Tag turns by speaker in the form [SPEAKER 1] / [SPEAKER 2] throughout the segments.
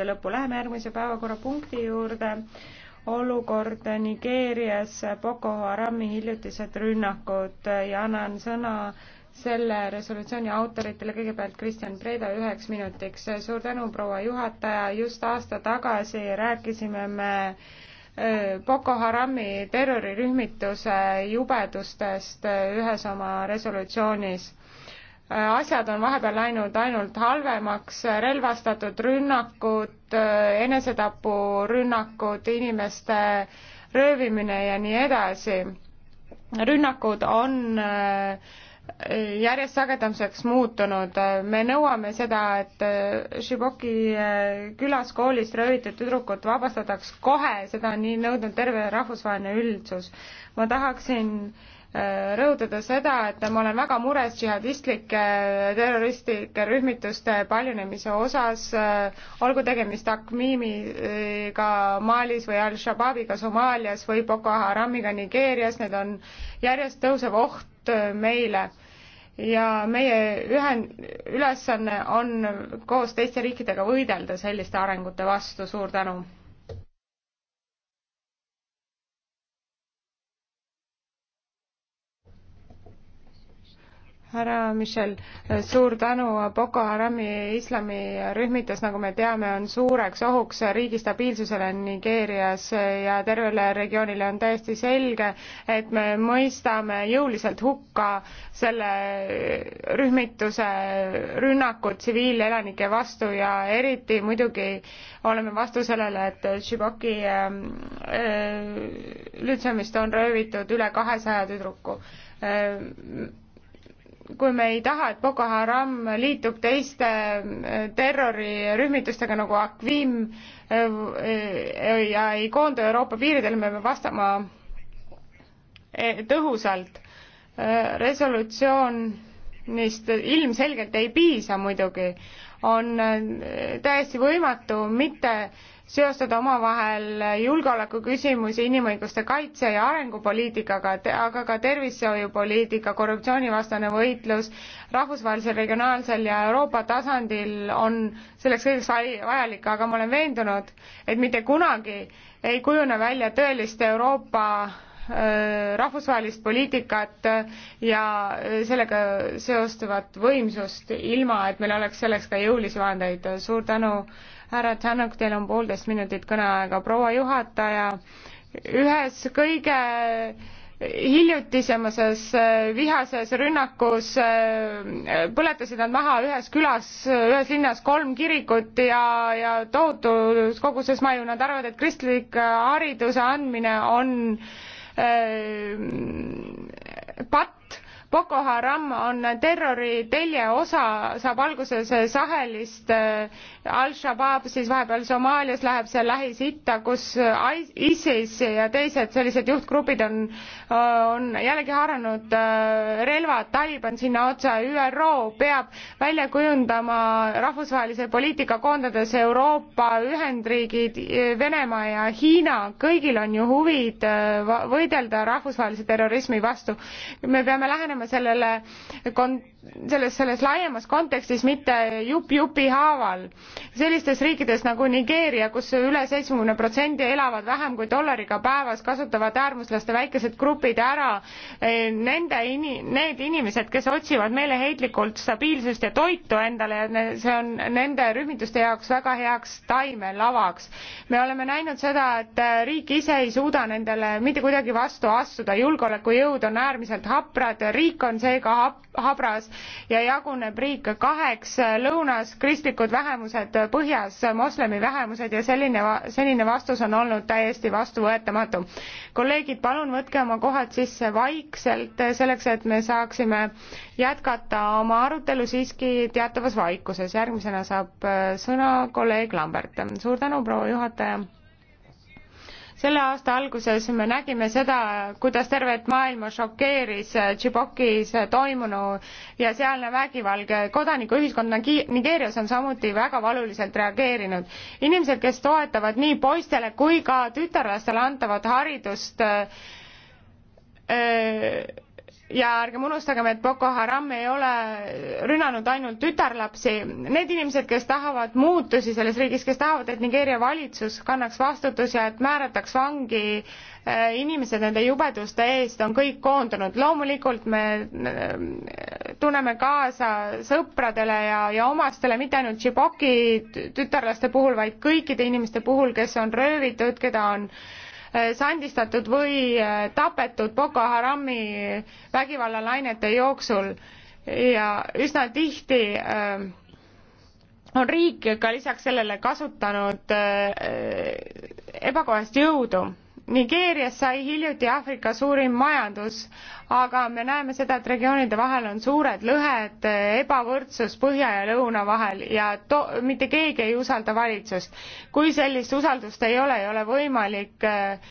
[SPEAKER 1] menetluste lõppu. Läheme järgmise päevakorrapunkti juurde. olukord Nigeerias, Boko Harami hiljutised rünnakud ja annan sõna selle resolutsiooni autoritele kõigepealt Kristjan Preda üheks minutiks. suur tänu, proua juhataja, just aasta tagasi rääkisime me äh, Boko Harami terrorirühmituse jubedustest äh, ühes oma resolutsioonis Äh, asjad on vahepeal läinud ainult halvemaks, äh, relvastatud rünnakud, äh, enesetapurünnakud, inimeste röövimine ja nii edasi. rünnakud on järjest sagedamseks muutunud. me nõuame seda, et Šiboki külaskoolist röövitud tüdrukut vabastataks kohe, seda on nii nõudnud terve rahvusvaheline üldsus. ma tahaksin äh, rõhutada seda, et ma olen väga mures džihadistlike terroristlike rühmituste paljunemise osas, olgu tegemist Akmimiga Malis või Al-Shabaabiga Somaalias või Boko Haramiga Nigeerias, need on järjest tõusev oht meile ja meie ühen-, ülesanne on koos teiste riikidega võidelda selliste arengute vastu, suur tänu! härra Michel, suur tänu, Boko Harami islamirühmitus, nagu me teame, on suureks ohuks riigi stabiilsusele Nigeerias ja tervele regioonile on täiesti selge, et me mõistame jõuliselt hukka selle rühmituse rünnakud tsiviilelanike vastu ja eriti muidugi oleme vastu sellele, et Tšiboki ähm, äh, lütsemist on röövitud üle kahesaja tüdruku ähm, kui me ei taha, et Boko Haram liitub teiste äh, terrorirühmitustega nagu Akvim äh, äh, ja ei koondu Euroopa piiridele, me peame vastama tõhusalt. resolutsioonist ilmselgelt ei piisa muidugi, on täiesti võimatu mitte seostada omavahel julgeolekuküsimusi inimõiguste kaitse ja arengupoliitikaga, aga ka tervishoiupoliitika, korruptsioonivastane võitlus rahvusvahelisel, regionaalsel ja Euroopa tasandil on selleks kõigeks vajalik, aga ma olen veendunud, et mitte kunagi ei kujune välja tõelist Euroopa rahvusvahelist poliitikat ja sellega seostuvat võimsust, ilma et meil oleks selleks ka jõulisi vahendeid. suur tänu härra Tšanok, teil on poolteist minutit kõneaega, proua juhataja, ühes kõige hiljutisemas äh, vihases rünnakus äh, põletasid nad maha ühes külas, ühes linnas kolm kirikut ja, ja tohutus koguses maju, nad arvavad, et kristlik äh, hariduse andmine on äh, patt Boko Haram on terroritelje osa, saab alguse see Sahelist, äh, Al-Shabaab siis vahepeal Somaalias läheb see Lähis-Itta, kus äh, ISIS ja teised sellised juhtgrupid on, äh, on jällegi haaranud relvad, Taliban sinna otsa, ÜRO peab välja kujundama rahvusvahelise poliitika, koondades Euroopa, Ühendriigid, Venemaa ja Hiina, kõigil on ju huvid võidelda rahvusvahelise terrorismi vastu. me peame lähenema vaatama sellele kon- selles selles laiemas kontekstis mitte jupp jupi haaval sellistes riikides nagu nigeeria kus üle seitsmekümne protsendi elavad vähem kui dollariga päevas kasutavad äärmuslaste väikesed grupid ära eh, nende ini- need inimesed kes otsivad meeleheitlikult stabiilsust ja toitu endale ja see on nende rühmituste jaoks väga heaks taimelavaks me oleme näinud seda et eh, riik ise ei suuda nendele mitte kuidagi vastu astuda julgeolekujõud on äärmiselt haprad riik riik on seega habras ja jaguneb riik kaheks, lõunas kristlikud vähemused, põhjas moslemi vähemused ja selline, senine vastus on olnud täiesti vastuvõetamatu. kolleegid, palun võtke oma kohad sisse vaikselt, selleks et me saaksime jätkata oma arutelu siiski teatavas vaikuses. järgmisena saab äh, sõna kolleeg Lambert. suur tänu, proua juhataja selle aasta alguses me nägime seda, kuidas tervet maailma šokeeris äh, Tšibokis äh, toimunu ja sealne vägivald. kodanikuühiskond Nigeerias on samuti väga valuliselt reageerinud. inimesed, kes toetavad nii poistele kui ka tütarlastele antavat haridust öö, äh, ja ärgem unustagem, et Boko Haram ei ole rünnanud ainult tütarlapsi, need inimesed, kes tahavad muutusi selles riigis, kes tahavad, et Nigeeria valitsus kannaks vastutus ja et määrataks vangi äh, inimesed nende jubeduste eest, on kõik koondunud. loomulikult me äh, tunneme kaasa sõpradele ja, ja omastele, mitte ainult Tšiboki tütarlaste puhul, vaid kõikide inimeste puhul, kes on röövitud, keda on äh, Äh, sandistatud või äh, tapetud Boko Harami vägivallalainete jooksul ja üsna tihti äh, on riik ka lisaks sellele kasutanud ebakohast jõudu Nigeerias sai hiljuti Aafrika suurim majandus, aga me näeme seda, et regioonide vahel on suured lõhed, ebavõrdsus põhja ja lõuna vahel ja to-, mitte keegi ei usalda valitsust. kui sellist usaldust ei ole, ei ole võimalik äh,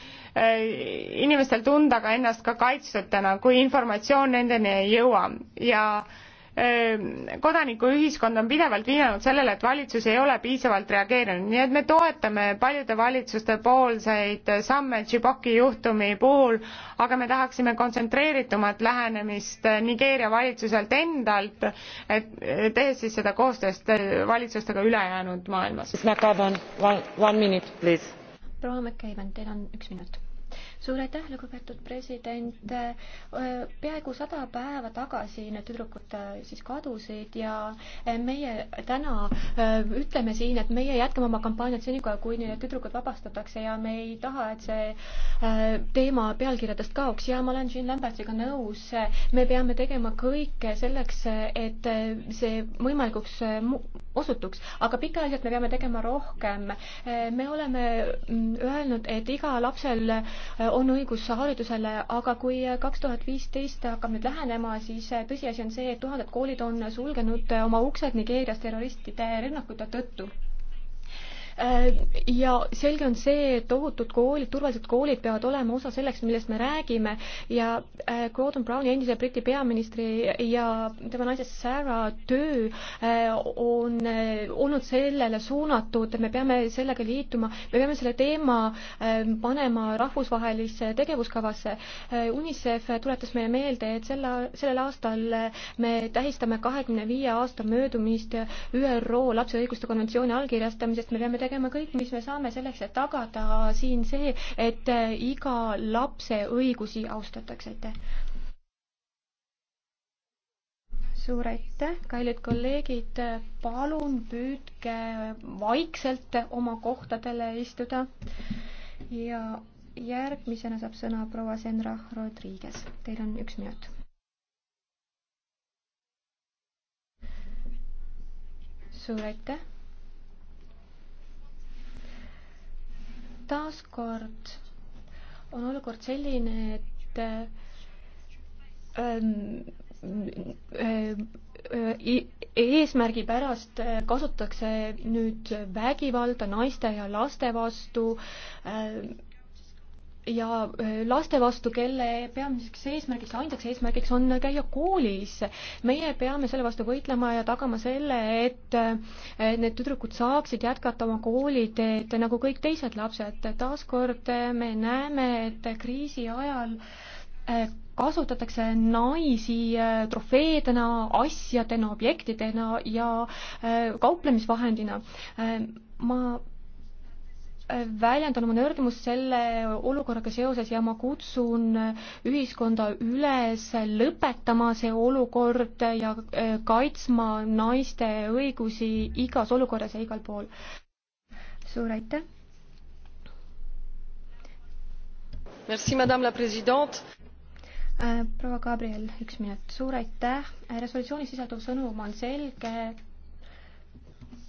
[SPEAKER 1] inimestel tunda ka ennast ka kaitstutena, kui informatsioon nendeni ei jõua ja äh, Ehm, kodanikuühiskond on pidevalt viidanud sellele, et valitsus ei ole piisavalt reageerinud, nii et me toetame paljude valitsuste poolseid samme Tšiboki juhtumi puhul, aga me tahaksime kontsentreeritumat lähenemist Nigeeria valitsuselt endalt, et tehes siis seda koostööst valitsustega ülejäänud maailmas.
[SPEAKER 2] proua McCaven, teil on üks minut suur aitäh, lugupeetud president. peaaegu sada päeva tagasi need tüdrukud siis kadusid ja meie täna ütleme siin, et meie jätkame oma kampaaniat senikaua, kuni need tüdrukud vabastatakse ja me ei taha, et see teema pealkirjadest kaoks ja ma olen Jean Lambertiga nõus. me peame tegema kõike selleks, et see võimalikuks osutuks, aga pikaajaliselt me peame tegema rohkem. me oleme mm, öelnud, et iga lapsel on õigus haridusele, aga kui kaks tuhat viisteist hakkab nüüd lähenema, siis äh, tõsiasi on see, et tuhanded koolid on sulgenud äh, oma uksed Nigeerias terroristide rünnakute tõttu Äh, ja selge on see, et ohutud koolid, turvalised koolid peavad olema osa selleks, millest me räägime ja äh, Gordon Browni endise Briti peaministri ja tema naise Sarah töö äh, on olnud sellele suunatud, me peame sellega liituma, me peame selle teema panema rahvusvahelisse tegevuskavasse. UNICEF tuletas meile meelde, et selle, sellel aastal me tähistame kahekümne viie aasta möödumist ÜRO lapse õiguste konventsiooni allkirjastamisest, me peame tegema tegema kõik, mis me saame selleks, et tagada siin see, et äh, iga lapse õigusi austatakse, aitäh. suur aitäh, kallid kolleegid, palun püüdke vaikselt oma kohtadele istuda ja järgmisena saab sõna proua Senra Rodriguez, teil on üks minut. suur aitäh taaskord on olukord selline, et ähm, äh, äh, äh, eesmärgi pärast kasutatakse nüüd vägivalda naiste ja laste vastu ähm, ja äh, laste vastu, kelle peamiseks eesmärgiks, ainsaks eesmärgiks on käia koolis. meie peame selle vastu võitlema ja tagama selle, et äh, need tüdrukud saaksid jätkata oma kooliteed nagu kõik teised lapsed. taaskord äh, me näeme, et kriisi ajal kasutatakse naisi trofeedena, asjadena, objektidena ja kauplemisvahendina. ma väljendan oma nördimust selle olukorraga seoses ja ma kutsun ühiskonda üles lõpetama see olukord ja e, kaitsma naiste õigusi igas olukorras ja igal pool. suur aitäh! Merci, madame la présidente äh, proua Gabriel, üks minut, suur aitäh, resolutsioonis sisalduv sõnum on selge,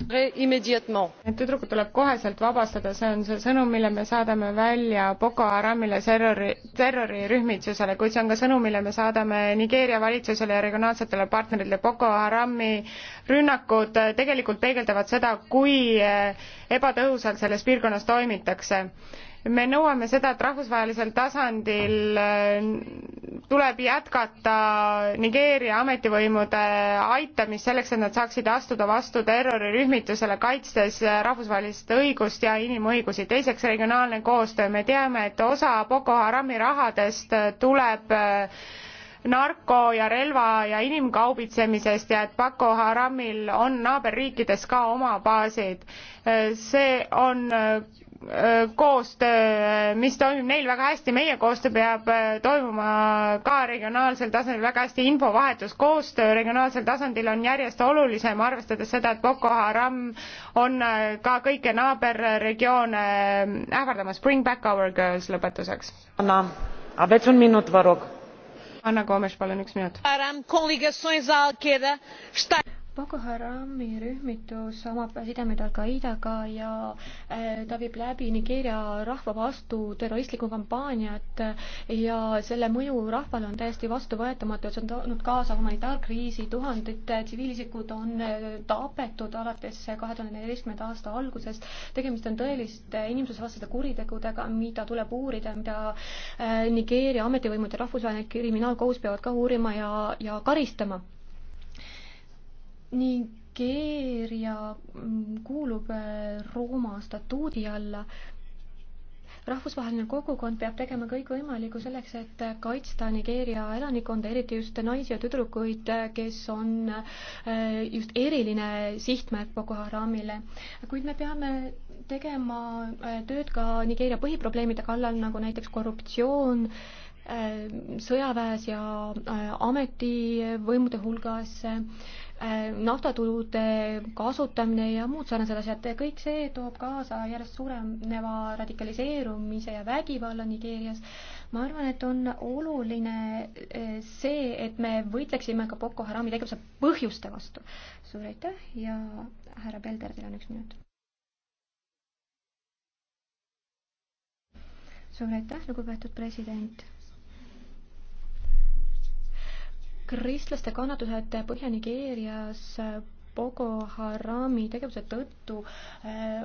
[SPEAKER 1] need tüdrukud tuleb koheselt vabastada, see on see sõnum, mille me saadame välja Boko Haramile terrori, terrorirühmitsusele, kuid see on ka sõnum, mille me saadame Nigeeria valitsusele ja regionaalsetele partneritele. Boko Harami rünnakud äh, tegelikult peegeldavad seda, kui äh, ebatõhusalt selles piirkonnas toimitakse me nõuame seda, et rahvusvahelisel tasandil äh, tuleb jätkata Nigeeria ametivõimude aitamist selleks, et nad saaksid astuda vastu terrorirühmitusele, kaitstes rahvusvahelist õigust ja inimõigusi. teiseks, regionaalne koostöö. me teame, et osa Boko Harami rahadest tuleb äh, narko ja relva ja inimkaubitsemisest ja et Boko Haramil on naaberriikides ka oma baasid. Äh, see on Äh, koostöö, äh, mis toimib neil väga hästi, meie koostöö peab äh, toimuma ka regionaalsel tasandil väga hästi, infovahetus, koostöö regionaalsel tasandil on järjest olulisem, arvestades seda, et Boko Haram on ka kõiki naaberregioone ähvardamas. Bring back our girls lõpetuseks. Anna, aveți un minut, vă rog. Anna Gomes, palun, üks minut.
[SPEAKER 2] Boko Harami rühmitus omab sidemed Al-Qaidaga ja äh, ta viib läbi Nigeeria rahva vastu terroristlikku kampaaniat ja selle mõju rahvale on täiesti vastuvõetamatu ja see on toonud kaasa humanitaarkriisi, tuhanded äh, tsiviilisikud on äh, tapetud alates kahe tuhande neljateistkümnenda aasta algusest. tegemist on tõeliste inimsusevastaste kuritegudega, mida tuleb uurida, mida Nigeeria ametivõimud ja rahvusvaheline kriminaalkohus peavad ka uurima ja, ja karistama Nigeeria mm, kuulub äh, Rooma statuudi alla. rahvusvaheline kogukond peab tegema kõik võimalikku selleks, et kaitsta Nigeeria elanikkonda, eriti just naisi ja tüdrukuid, kes on äh, just eriline sihtmärk Boko Haramile. kuid me peame tegema äh, tööd ka Nigeeria põhiprobleemide kallal, nagu näiteks korruptsioon, sõjaväes ja ametivõimude hulgas Äh, naftatulude kasutamine ja muud sarnased asjad, kõik see toob kaasa järjest suureneva radikaliseerumise ja vägivalla Nigeerias. ma arvan, et on oluline äh, see, et me võitleksime ka Boko Harami tegevuse põhjuste vastu. suur aitäh ja härra Pelder, teil on üks minut. suur aitäh, lugupeetud president kristlaste kannatused Põhja-Nigeerias Boko Harami tegevuse tõttu eh,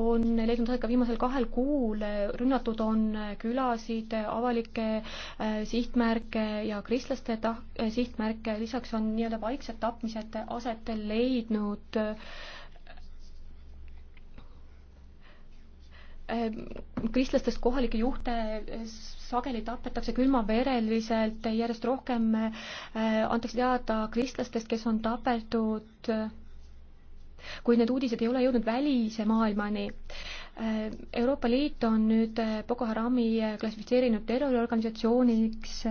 [SPEAKER 2] on leidnud aset ka viimasel kahel kuul, rünnatud on külasid, avalikke eh, sihtmärke ja kristlaste ta-, eh, sihtmärke, lisaks on nii-öelda vaiksed tapmised aset leidnud kristlastest kohalikke juhte sageli tapetakse külmavereliselt, järjest rohkem äh, antakse teada kristlastest, kes on tapetud, kuid need uudised ei ole jõudnud välise maailmani. Äh, Euroopa Liit on nüüd äh, Boko Harami klassifitseerinud terroriorganisatsiooniks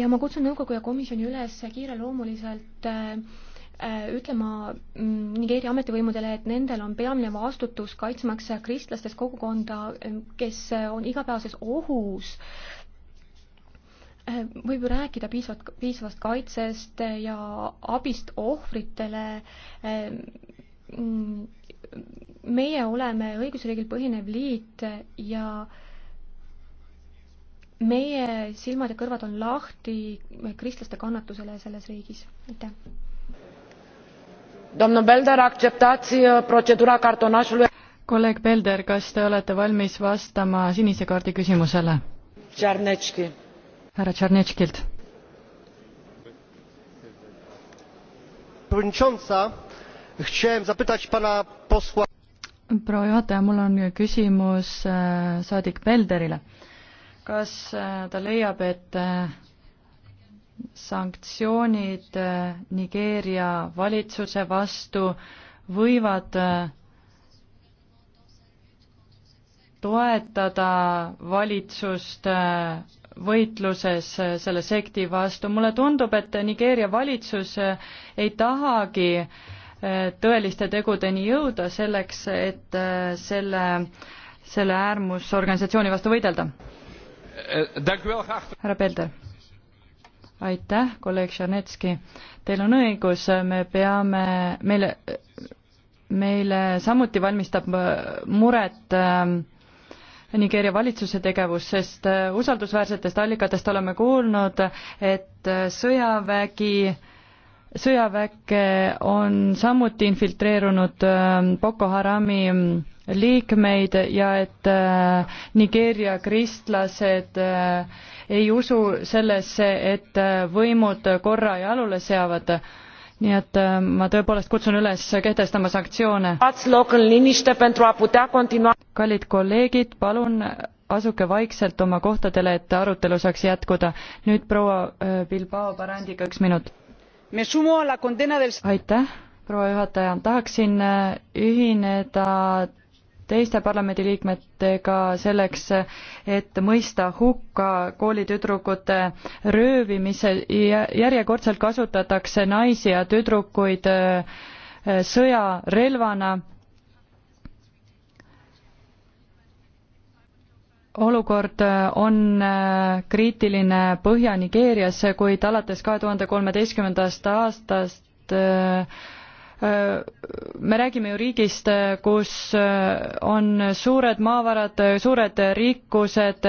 [SPEAKER 2] ja ma kutsun nõukogu ja komisjoni üles kiireloomuliselt äh, Äh, ütlema mm, Nigeeria ametivõimudele, et nendel on peamine vastutus kaitsmaks kristlastest kogukonda, äh, kes äh, on igapäevases ohus. võib ju rääkida piisavalt, piisavast kaitsest ja abist ohvritele mm, meie oleme õigusriigil põhinev liit ja meie silmad ja kõrvad on lahti kristlaste kannatusele selles riigis. aitäh!
[SPEAKER 1] domnul belder acceptați uh, procedura
[SPEAKER 3] cartonașului? kolleeg belder kas te olete valmis vastama sinise kaardi küsimusele? härra czarneckilt. proua juhataja mul on küsimus äh, saadik belderile. kas äh, ta leiab et äh, sanktsioonid äh, Nigeeria valitsuse vastu võivad äh, toetada valitsust äh, võitluses selle sekti vastu. mulle tundub, et Nigeeria valitsus ei tahagi tõeliste tegudeni jõuda selleks, et selle, selle äärmusorganisatsiooni vastu võidelda.
[SPEAKER 1] Eh, eh,
[SPEAKER 3] härra Pelder aitäh, kolleeg Žanetski. Teil on õigus, me peame, meile, meile samuti valmistab äh, muret äh, Nigeeria valitsuse tegevus, sest äh, usaldusväärsetest allikatest oleme kuulnud, et äh, sõjavägi, sõjaväkke on samuti infiltreerunud Boko Harami mm, liikmeid ja et äh, Nigeeria kristlased äh, ei usu sellesse, et äh, võimud korra jalule seavad. nii et ma tõepoolest kutsun üles kehtestama sanktsioone. kallid kolleegid, palun asuge vaikselt oma kohtadele, et arutelu saaks jätkuda. nüüd proua Bilbao Barandiga üks minut. aitäh, proua juhataja, tahaksin ühineda teiste parlamendiliikmetega selleks, et mõista hukka koolitüdrukute röövimise, järjekordselt kasutatakse naisi ja tüdrukuid äh, sõjarelvana. olukord äh, on äh, kriitiline Põhja-Nigeerias, kuid alates kahe tuhande kolmeteistkümnendast aastast me räägime ju riigist, kus on suured maavarad, suured rikkused,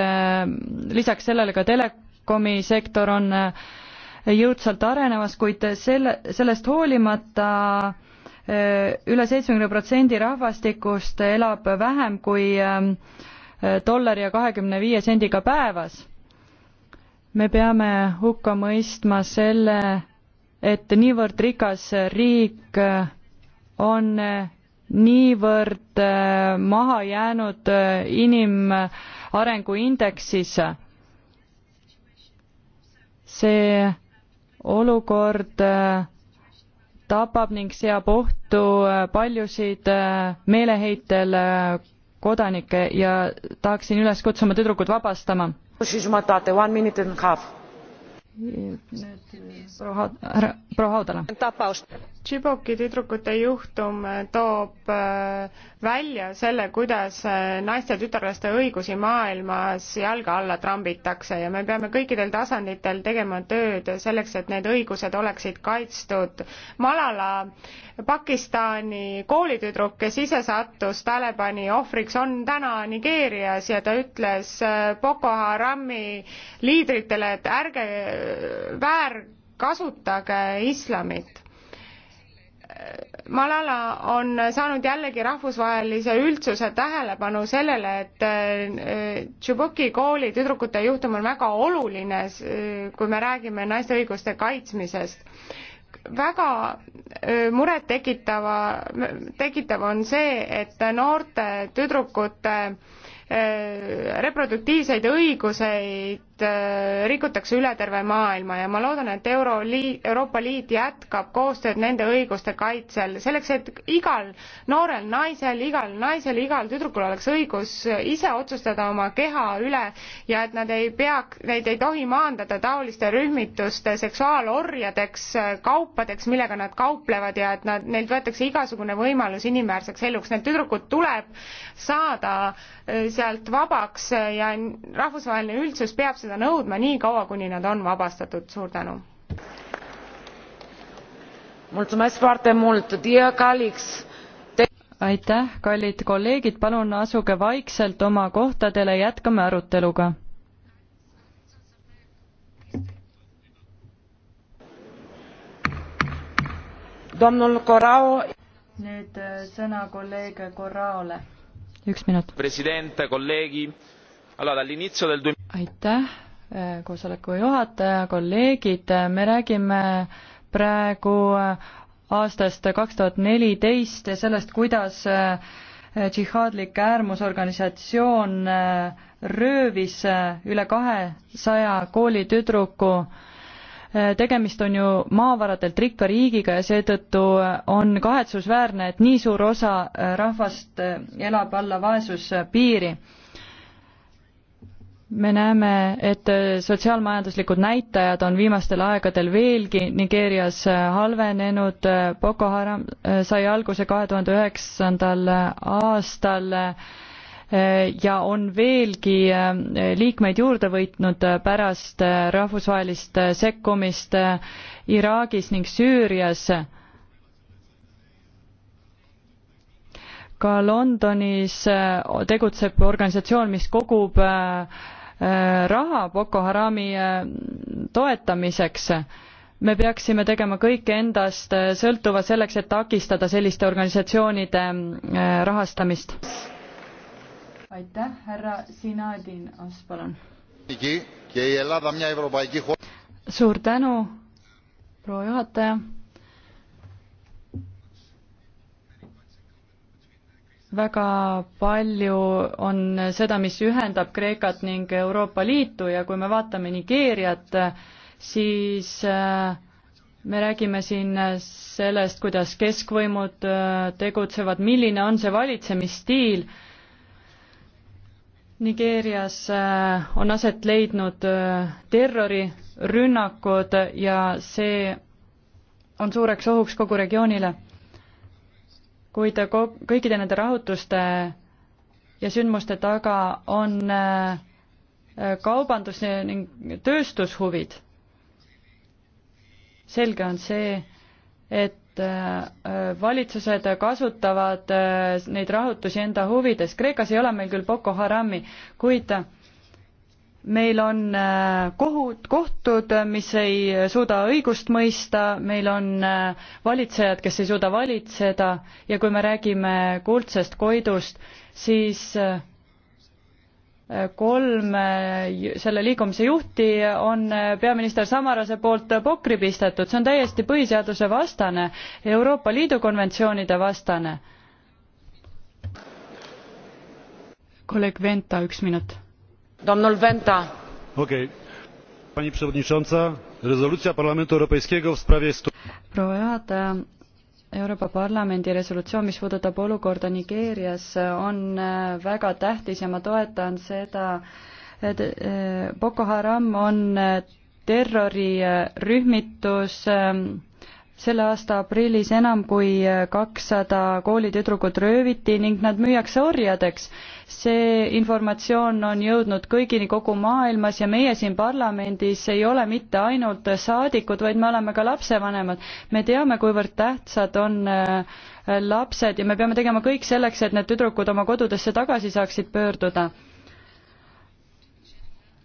[SPEAKER 3] lisaks sellele ka telekomisektor on jõudsalt arenemas, kuid selle, sellest hoolimata üle seitsmekümne protsendi rahvastikust elab vähem kui eh, dollari ja kahekümne viie sendiga päevas. me peame hukka mõistma selle, et niivõrd rikas riik on niivõrd äh, maha jäänud äh, inimarengu indeksis. see olukord äh, tapab ning seab ohtu paljusid meeleheitel kodanikke ja tahaksin üles kutsuma tüdrukud vabastama
[SPEAKER 1] proua Haudala. Tšiboki tüdrukute juhtum toob äh, välja selle, kuidas äh, naiste tütarlaste õigusi maailmas jalge alla trambitakse ja me peame kõikidel tasanditel tegema tööd selleks, et need õigused oleksid kaitstud. Malala, Pakistani koolitüdruk, kes ise sattus Talibani ohvriks, on täna Nigeerias ja ta ütles äh, Boko Harami liidritele, et ärge väärkasutage islamit. Malala on saanud jällegi rahvusvahelise üldsuse tähelepanu sellele, et äh, Tšubuki kooli tüdrukute juhtum on väga oluline, äh, kui me räägime naiste õiguste kaitsmisest väga äh, murettekitava, tekitav on see, et noorte tüdrukute reproduktiivseid õiguseid Äh, rikutakse üle terve maailma ja ma loodan, et Euroliit, Euroopa Liit jätkab koostööd nende õiguste kaitsel, selleks et igal noorel naisel, igal naisel, igal tüdrukul oleks õigus ise otsustada oma keha üle ja et nad ei pea, neid ei tohi maandada taoliste rühmituste seksuaalorjadeks, kaupadeks, millega nad kauplevad ja et nad, neilt võetakse igasugune võimalus inimväärseks eluks. Need tüdrukud tuleb saada äh, sealt vabaks ja rahvusvaheline üldsus peab peaks seda nõudma nii kaua, kuni nad on vabastatud, suur tänu. aitäh,
[SPEAKER 3] kallid kolleegid, palun asuge vaikselt oma kohtadele, jätkame aruteluga. nüüd äh, sõna kolleeg Corraole.
[SPEAKER 1] üks minut.
[SPEAKER 2] president, kolleegid aitäh,
[SPEAKER 3] eh, koosoleku juhataja, kolleegid, me räägime praegu eh, aastast kaks tuhat neliteist ja sellest, kuidas eh, džihaadlik äärmusorganisatsioon röövis üle kahesaja koolitüdruku tegemist on ju maavaradelt rikka riigiga ja seetõttu on kahetsusväärne, et nii suur osa rahvast elab alla vaesuspiiri me näeme, et äh, sotsiaalmajanduslikud näitajad on viimastel aegadel veelgi Nigeerias äh, halvenenud, äh, Boko Haram sai alguse kahe tuhande üheksandal aastal ja on veelgi liikmeid juurde võitnud pärast rahvusvahelist sekkumist Iraagis ning Süürias. ka Londonis tegutseb organisatsioon, mis kogub Äh, raha Boko Harami äh, toetamiseks. me peaksime tegema kõik endast äh, sõltuva selleks, et takistada selliste organisatsioonide rahastamist. aitäh, härra Sinadin Os, palun. suur tänu, proua juhataja väga palju on seda, mis ühendab Kreekat ning Euroopa Liitu ja kui me vaatame Nigeeriat, siis äh, me räägime siin sellest, kuidas keskvõimud äh, tegutsevad, milline on see valitsemisstiil. Nigeerias äh, on aset leidnud terrorirünnakud ja see on suureks ohuks kogu regioonile kuid kõikide nende rahutuste ja sündmuste taga on äh, kaubandus ning tööstushuvid. selge on see, et äh, valitsused kasutavad äh, neid rahutusi enda huvides. Kreekas ei ole meil küll Boko Harami, kuid meil on äh, kohut, kohtud, äh, mis ei suuda õigust mõista, meil on äh, valitsejad, kes ei suuda valitseda ja kui me räägime kuldsest Koidust, siis kolm selle liikumise juhti on peaminister Samarase poolt pokri pistetud, see on täiesti põhiseaduse vastane, Euroopa Liidu konventsioonide vastane. kolleeg Venta, üks minut
[SPEAKER 2] pani przewodnicząca! rezolucja parlamentu europejskiego w sprawie.
[SPEAKER 3] euroopa parlamendi resolutsioon mis puudutab olukorda nigeerias on äh, väga tähtis ja ma toetan seda et äh, boko haram on äh, terrorirühmitus ähm, selle aasta aprillis enam kui kakssada koolitüdrukut rööviti ning nad müüakse orjadeks see informatsioon on jõudnud kõigini kogu maailmas ja meie siin parlamendis ei ole mitte ainult saadikud, vaid me oleme ka lapsevanemad. me teame, kuivõrd tähtsad on äh, lapsed ja me peame tegema kõik selleks, et need tüdrukud oma kodudesse tagasi saaksid pöörduda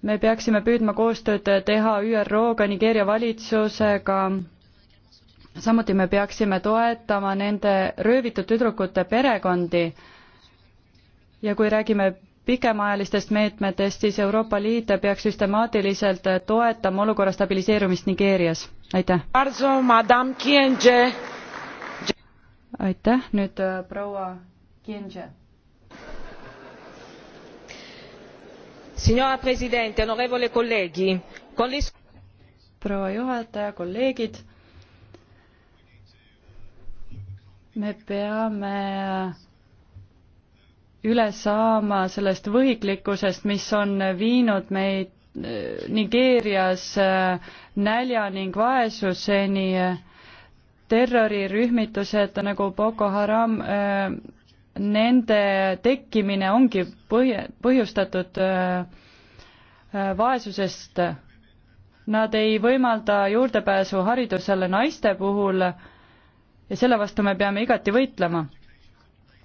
[SPEAKER 3] me peaksime püüdma koostööd teha ÜRO-ga, Nigeeria valitsusega, samuti me peaksime toetama nende röövitud tüdrukute perekondi ja kui räägime pikemaajalistest meetmetest, siis Euroopa Liit peaks süstemaatiliselt toetama olukorra stabiliseerumist Nigeerias. aitäh. aitäh, nüüd äh, proua Kienge. Signora Presidente, onorevole colleghi, con le proua juhataja, kolleegid, me peame üle saama sellest võhiklikkusest, mis on viinud meid eh, Nigeerias eh, nälja ning vaesuseni. terrorirühmitused nagu Boko Haram, eh, nende tekkimine ongi põhj-, põhjustatud vaesusest. Nad ei võimalda juurdepääsu haridusele naiste puhul ja selle vastu me peame igati võitlema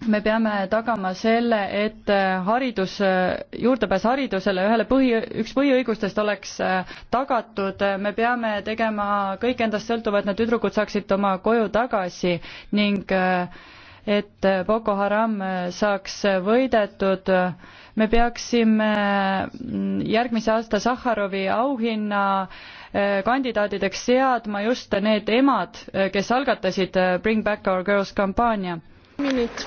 [SPEAKER 3] me peame tagama selle, et haridus, juurdepääs haridusele ühele põhi, üks põhiõigustest oleks äh, tagatud, me peame tegema kõik endast sõltuva, et need tüdrukud saaksid oma koju tagasi ning äh, et Boko Haram äh, saaks võidetud. me peaksime mm, järgmise aasta Sahharovi auhinna kandidaadideks seadma just need emad, kes algatasid Bring Back Our Girls kampaania. minut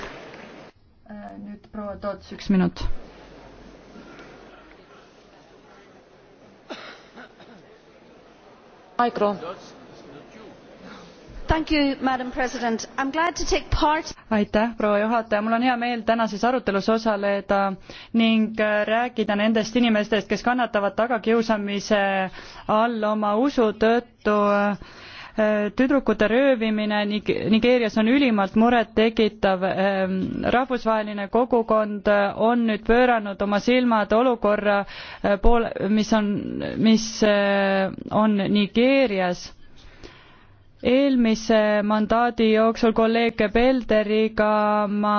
[SPEAKER 3] Äh, nüüd proua Toots, üks minut. Mikro.
[SPEAKER 2] You,
[SPEAKER 3] aitäh proua juhataja mul on hea meel tänases arutelus osaleda ning äh, rääkida nendest inimestest kes kannatavad tagakiusamise all oma usu tõttu äh, tüdrukute röövimine Nigeerias on ülimalt murettekitav. Ehm, rahvusvaheline kogukond eh, on nüüd pööranud oma silmad olukorra eh, poole, mis on, mis eh, on Nigeerias eelmise mandaadi jooksul kolleeg Belderiga ma,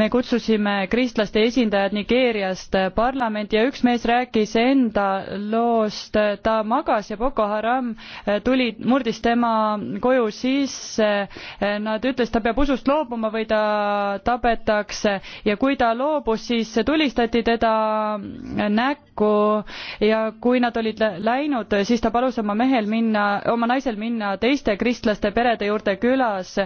[SPEAKER 3] me kutsusime kristlaste esindajad Nigeeriast parlamenti ja üks mees rääkis enda loost, ta magas ja Boko Haram tuli, murdis tema koju sisse, nad ütlesid, ta peab usust loobuma või ta tapetakse ja kui ta loobus, siis tulistati teda näkku ja kui nad olid läinud, siis ta palus oma mehel minna, oma naisel minna teiste teiste kristlaste perede juurde külas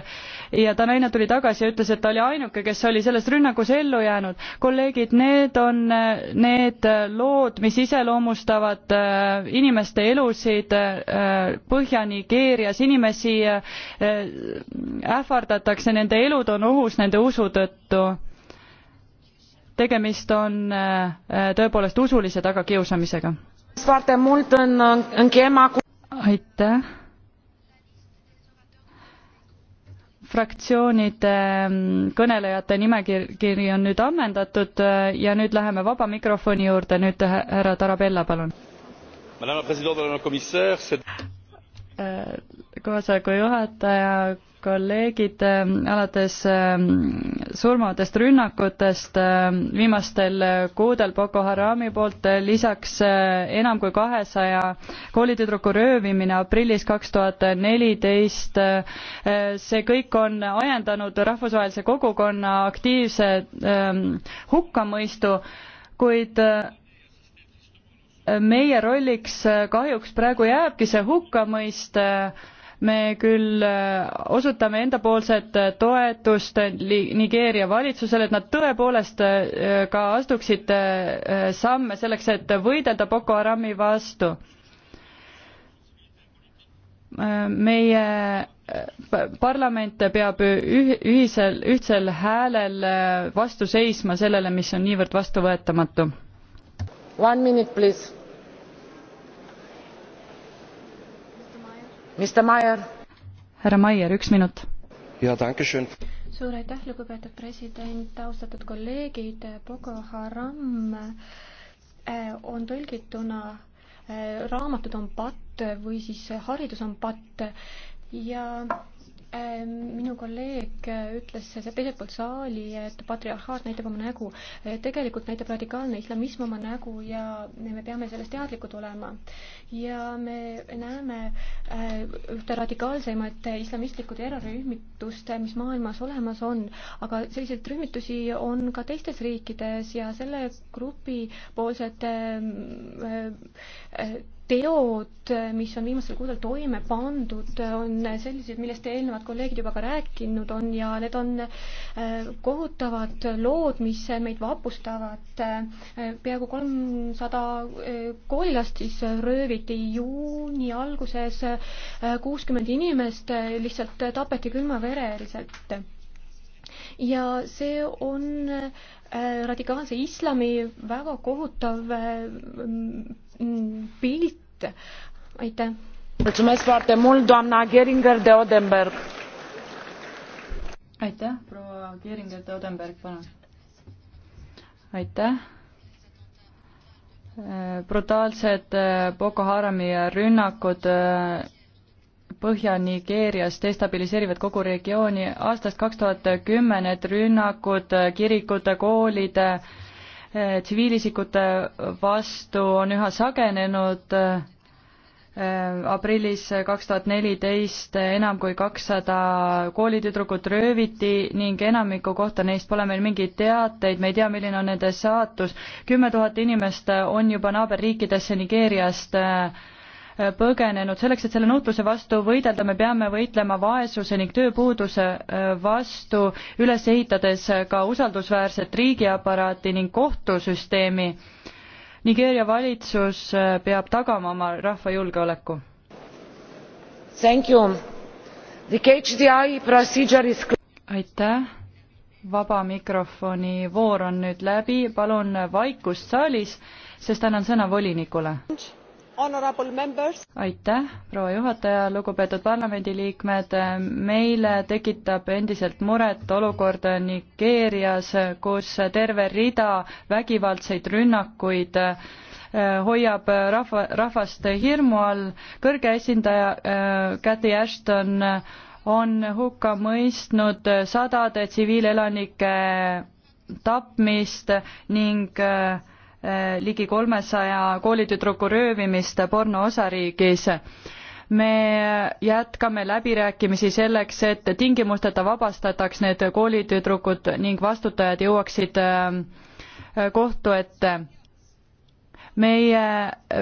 [SPEAKER 3] ja ta naine tuli tagasi ja ütles, et ta oli ainuke, kes oli selles rünnakus ellu jäänud. kolleegid, need on need lood, mis iseloomustavad äh, inimeste elusid äh, Põhja-Nigeerias, inimesi äh, ähvardatakse, nende elud on ohus nende usu tõttu tegemist on tõepoolest usulise tagakiusamisega. aitäh. fraktsioonide mm, kõnelejate nimekiri on nüüd ammendatud äh, ja nüüd läheme vaba mikrofoni juurde, nüüd äh, härra Tarabella, palun. Äh, koosoleku juhataja, kolleegid, ähm, alates ähm, surmadest rünnakutest ähm, viimastel äh, kuudel Boko Harami poolt, äh, lisaks äh, enam kui kahesaja koolitüdruku röövimine aprillis kaks tuhat neliteist, see kõik on ajendanud rahvusvahelise kogukonna aktiivse hukkamõistu, kuid meie rolliks kahjuks praegu jääbki see hukkamõist äh, me küll äh, osutame endapoolset äh, toetust äh, Nigeeria valitsusele, et nad tõepoolest ka astuksid samme selleks, et võidelda Boko Harami vastu. meie parlament peab ühisel, ühtsel häälel vastu seisma sellele, mis on niivõrd vastuvõetamatu. One minute please härra Maier, üks minut.
[SPEAKER 2] suur aitäh, lugupeetud president, austatud kolleegid, Boko Haram äh, on tõlgituna äh, raamatud on patt või siis haridus on patt ja Ehm, minu kolleeg äh, ütles teiselt poolt saali, et patriarhaat näitab oma nägu. Äh, tegelikult näitab radikaalne islamism oma nägu ja me peame sellest teadlikud olema. ja me näeme äh, ühte radikaalseimat islamistlikku terrorirühmitust, mis maailmas olemas on, aga selliseid rühmitusi on ka teistes riikides ja selle grupi poolsed ehm, teod, mis on viimasel kuudel toime pandud, on sellised, millest eelnevad kolleegid juba ka rääkinud on ja need on äh, kohutavad lood, mis meid vapustavad. Äh, peaaegu kolmsada äh, koolilast siis rööviti juuni alguses, kuuskümmend inimest lihtsalt tapeti külmavereliselt ja see on äh, radikaalse islami väga kohutav äh, mm, pilt. aitäh. aitäh,
[SPEAKER 3] proua Geringer de Odenberg, palun. aitäh äh, brutaalsed Boko Harami rünnakud Põhja-Nigeerias destabiliseerivad kogu regiooni. aastast kaks tuhat kümme need rünnakud kirikute, koolide, eh, tsiviilisikute vastu on üha sagenenud. Eh, aprillis kaks tuhat neliteist enam kui kakssada koolitüdrukut rööviti ning enamiku kohta neist pole meil mingeid teateid, me ei tea, milline on nende saatus. kümme tuhat inimest on juba naaberriikidesse Nigeeriast äh, Äh, põgenenud. selleks, et selle nõutluse vastu võidelda, me peame võitlema vaesuse ning tööpuuduse äh, vastu, üles ehitades äh, ka usaldusväärset riigiaparaati ning kohtusüsteemi. Nigeeria valitsus peab tagama oma rahva julgeoleku. aitäh, vaba mikrofoni voor on nüüd läbi, palun vaikust saalis, sest annan sõna volinikule aitäh, proua juhataja, lugupeetud parlamendiliikmed, meile tekitab endiselt muret olukord Nigeerias, kus terve rida vägivaldseid rünnakuid eh, hoiab rahva, rahvast hirmu all. kõrge esindaja eh, Cathy Ashton on hukka mõistnud sadade tsiviilelanike tapmist ning äh, Äh, ligi kolmesaja koolitüdruku röövimist porno osariigis me jätkame läbirääkimisi selleks, et tingimusteta vabastataks need koolitüdrukud ning vastutajad jõuaksid äh, kohtu ette. meie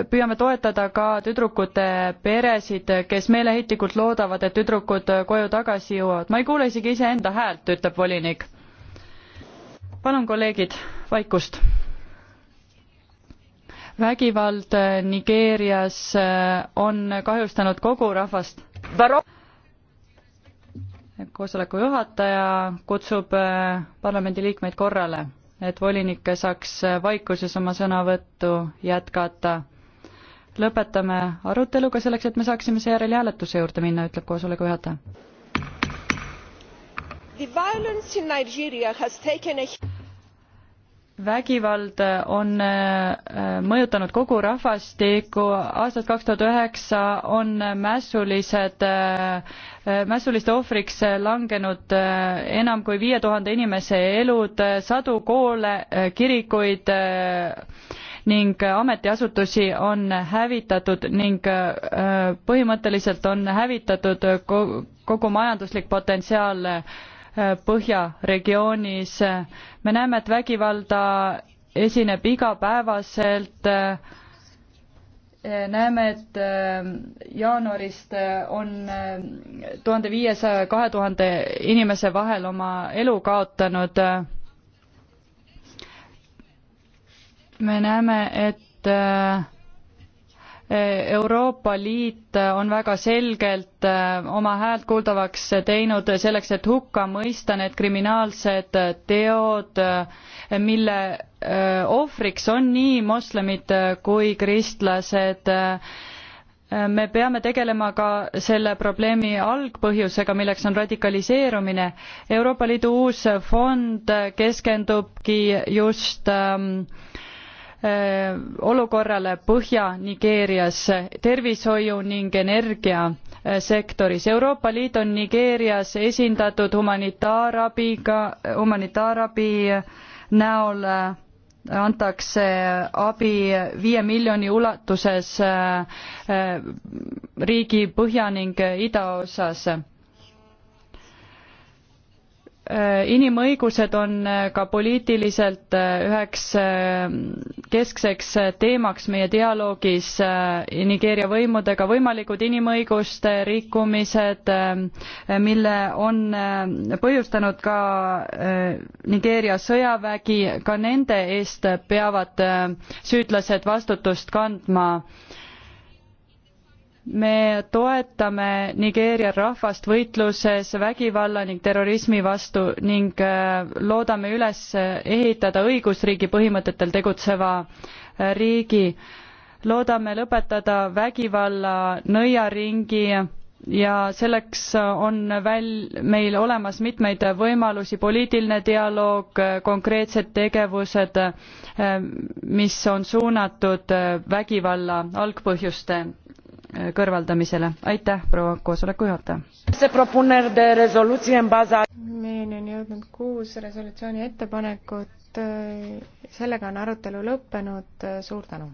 [SPEAKER 3] püüame toetada ka tüdrukute peresid, kes meeleheitlikult loodavad, et tüdrukud koju tagasi jõuavad. ma ei kuule isegi iseenda häält, ütleb volinik. palun, kolleegid, vaikust vägivald äh, Nigeerias äh, on kahjustanud kogu rahvast. koosoleku juhataja kutsub äh, parlamendiliikmeid korrale, et volinik saaks vaikuses oma sõnavõttu jätkata. lõpetame aruteluga selleks, et me saaksime seejärel hääletuse juurde minna, ütleb koosoleku juhataja.
[SPEAKER 1] The violence in Nigeria has taken a
[SPEAKER 3] vägivald on äh, mõjutanud kogu rahvastikku, aastast kaks tuhat üheksa on mässulised, äh, mässuliste ohvriks langenud äh, enam kui viie tuhande inimese elud, sadu koole, kirikuid ning ametiasutusi on hävitatud ning põhimõtteliselt on hävitatud kogu majanduslik potentsiaal Äh, põhjaregioonis. me näeme, et vägivalda esineb igapäevaselt. Äh, näeme, et äh, jaanuarist on tuhande viiesaja, kahe tuhande inimese vahel oma elu kaotanud. me näeme, et Euroopa Liit on väga selgelt äh, oma häält kuuldavaks teinud selleks, et hukka mõista need kriminaalsed teod, äh, mille äh, ohvriks on nii moslemid kui kristlased. me peame tegelema ka selle probleemi algpõhjusega, milleks on radikaliseerumine. Euroopa Liidu uus fond keskendubki just ähm, Äh, olukorrale Põhja-Nigeerias tervishoiu ning energiasektoris. Äh, Euroopa Liit on Nigeerias esindatud humanitaarabiga, humanitaarabi näol äh, antakse abi viie miljoni ulatuses riigi põhja ning idaosas Äh, inimõigused on äh, ka poliitiliselt äh, üheks keskseks teemaks meie dialoogis Nigeeria võimudega, võimalikud inimõiguste rikkumised, mille on põhjustanud ka Nigeeria sõjavägi, ka nende eest peavad süüdlased vastutust kandma me toetame Nigeeria rahvast võitluses vägivalla ning terrorismi vastu ning äh, loodame üles ehitada õigusriigi põhimõtetel tegutseva äh, riigi. loodame lõpetada vägivalla nõiaringi ja selleks on väl-, meil olemas mitmeid võimalusi, poliitiline dialoog, äh, konkreetsed tegevused, mis on suunatud vägivalla algpõhjuste Äh, kõrvaldamisele. aitäh, proua koosoleku juhataja.
[SPEAKER 1] meieni on jõudnud kuus resolutsiooni ettepanekut. Äh, sellega on arutelu lõppenud. Äh, suur tänu